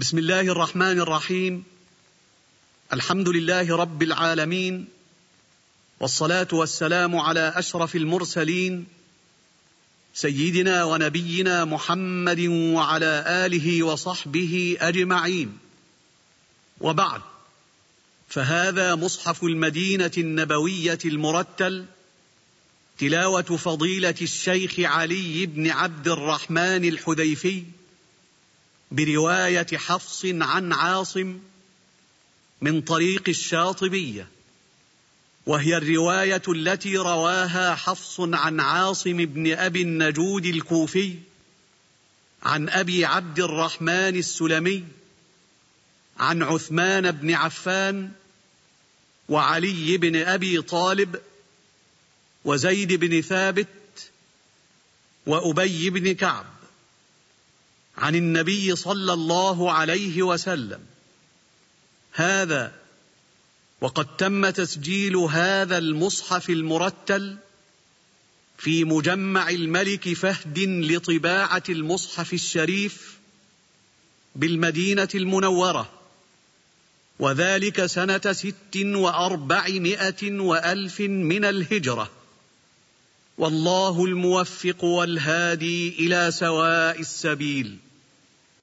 بسم الله الرحمن الرحيم الحمد لله رب العالمين والصلاه والسلام على اشرف المرسلين سيدنا ونبينا محمد وعلى اله وصحبه اجمعين وبعد فهذا مصحف المدينه النبويه المرتل تلاوه فضيله الشيخ علي بن عبد الرحمن الحذيفي بروايه حفص عن عاصم من طريق الشاطبيه وهي الروايه التي رواها حفص عن عاصم بن ابي النجود الكوفي عن ابي عبد الرحمن السلمي عن عثمان بن عفان وعلي بن ابي طالب وزيد بن ثابت وابي بن كعب عن النبي صلى الله عليه وسلم هذا وقد تم تسجيل هذا المصحف المرتل في مجمع الملك فهد لطباعه المصحف الشريف بالمدينه المنوره وذلك سنه ست واربعمائه والف من الهجره والله الموفق والهادي الى سواء السبيل